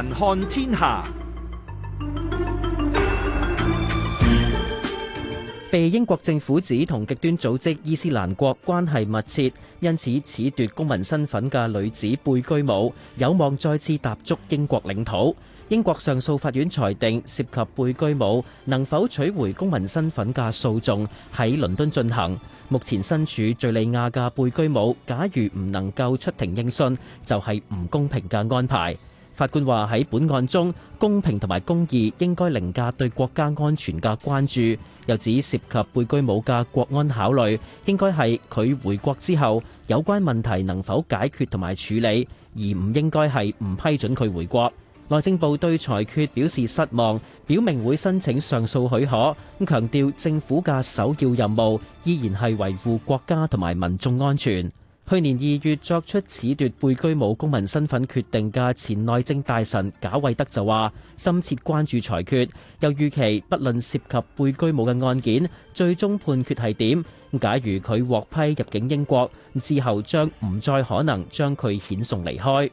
環看天下，被英國政府指同極端組織伊斯蘭國關係密切，因此褫奪公民身份嘅女子貝居姆有望再次踏足英國領土。英國上訴法院裁定，涉及貝居姆能否取回公民身份嘅訴訟喺倫敦進行。目前身處敘利亞嘅貝居姆，假如唔能夠出庭應訊，就係唔公平嘅安排。法官話喺本案中，公平同埋公義應該凌駕對國家安全嘅關注，又指涉及貝居姆嘅國安考慮，應該係佢回國之後有關問題能否解決同埋處理，而唔應該係唔批准佢回國。內政部對裁決表示失望，表明會申請上訴許可，咁強調政府嘅首要任務依然係維護國家同埋民眾安全。去年二月作出褫奪貝居姆公民身份決定嘅前內政大臣賈惠德就話深切關注裁決，又預期不論涉及貝居姆嘅案件最終判決係點，假如佢獲批入境英國，之後將唔再可能將佢遣送離開。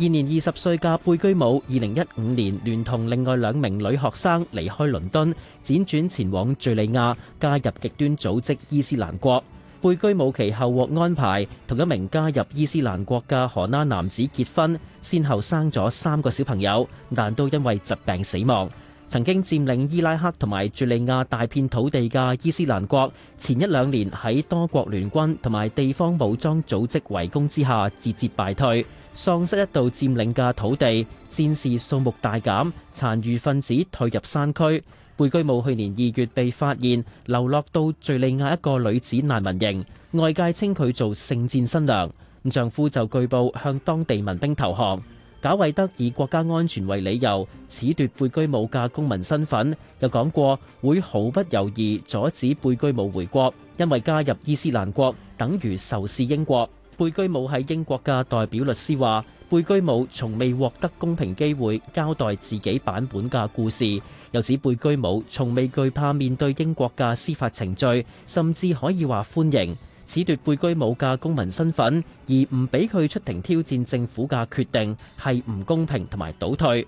現年二十歲嘅貝居姆，二零一五年聯同另外兩名女學生離開倫敦，輾轉前往敘利亞，加入極端組織伊斯蘭國。貝居姆其後獲安排同一名加入伊斯蘭國嘅荷蘭男子結婚，先後生咗三個小朋友，但都因為疾病死亡。曾經佔領伊拉克同埋敘利亞大片土地嘅伊斯蘭國，前一兩年喺多國聯軍同埋地方武裝組織圍攻之下，節節敗退，喪失一度佔領嘅土地，戰士數目大減，殘餘分子退入山區。貝居姆去年二月被發現流落到敘利亞一個女子難民營，外界稱佢做聖戰新娘，丈夫就據報向當地民兵投降。賈維德以國家安全為理由褫奪貝居姆嘅公民身份，又講過會毫不猶豫阻止貝居姆回國，因為加入伊斯蘭國等於仇視英國。貝居姆喺英國嘅代表律師話貝居姆從未獲得公平機會交代自己版本嘅故事，又指貝居姆從未懼怕面對英國嘅司法程序，甚至可以話歡迎褫奪貝居姆嘅公民身份，而唔畀佢出庭挑戰政府嘅決定，係唔公平同埋倒退。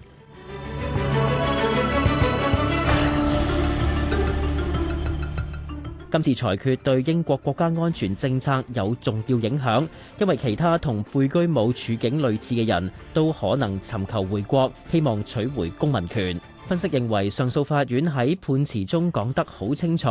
今次裁決對英國國家安全政策有重要影響，因為其他同貝居姆處境類似嘅人都可能尋求回國，希望取回公民權。分析認為，上訴法院喺判詞中講得好清楚，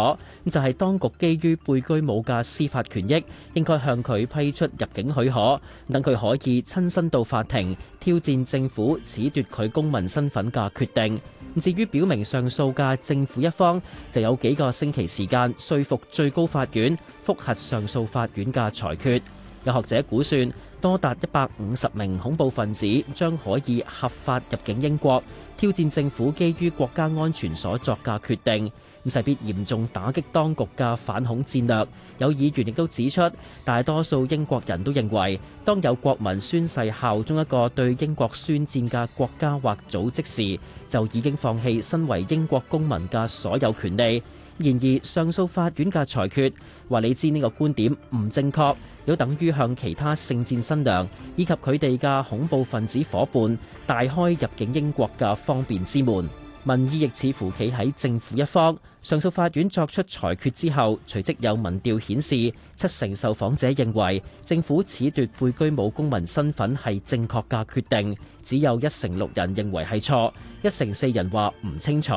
咁就係當局基於貝居姆嘅司法權益，應該向佢批出入境許可，等佢可以親身到法庭挑戰政府褫奪佢公民身份嘅決定。咁至於表明上訴嘅政府一方，就有幾個星期時間說服最高法院覆核上訴法院嘅裁決。有學者估算，多達一百五十名恐怖分子將可以合法入境英國，挑戰政府基於國家安全所作嘅決定，咁勢必嚴重打擊當局嘅反恐戰略。有議員亦都指出，大多數英國人都認為，當有國民宣誓效忠一個對英國宣戰嘅國家或組織時，就已經放棄身為英國公民嘅所有權利。然而，上訴法院嘅裁決話你知呢個觀點唔正確，有等於向其他聖戰新娘以及佢哋嘅恐怖分子伙伴大開入境英國嘅方便之門，民意亦似乎企喺政府一方。上訴法院作出裁決之後隨即有民調顯示，七成受訪者認為政府褫奪貝居姆公民身份係正確嘅決定，只有一成六人認為係錯，一成四人話唔清楚。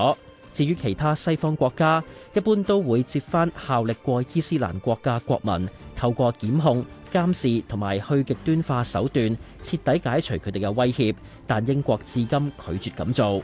至於其他西方國家，一般都會接返效力過伊斯蘭國家國民，透過檢控、監視同埋去極端化手段，徹底解除佢哋嘅威脅。但英國至今拒絕咁做。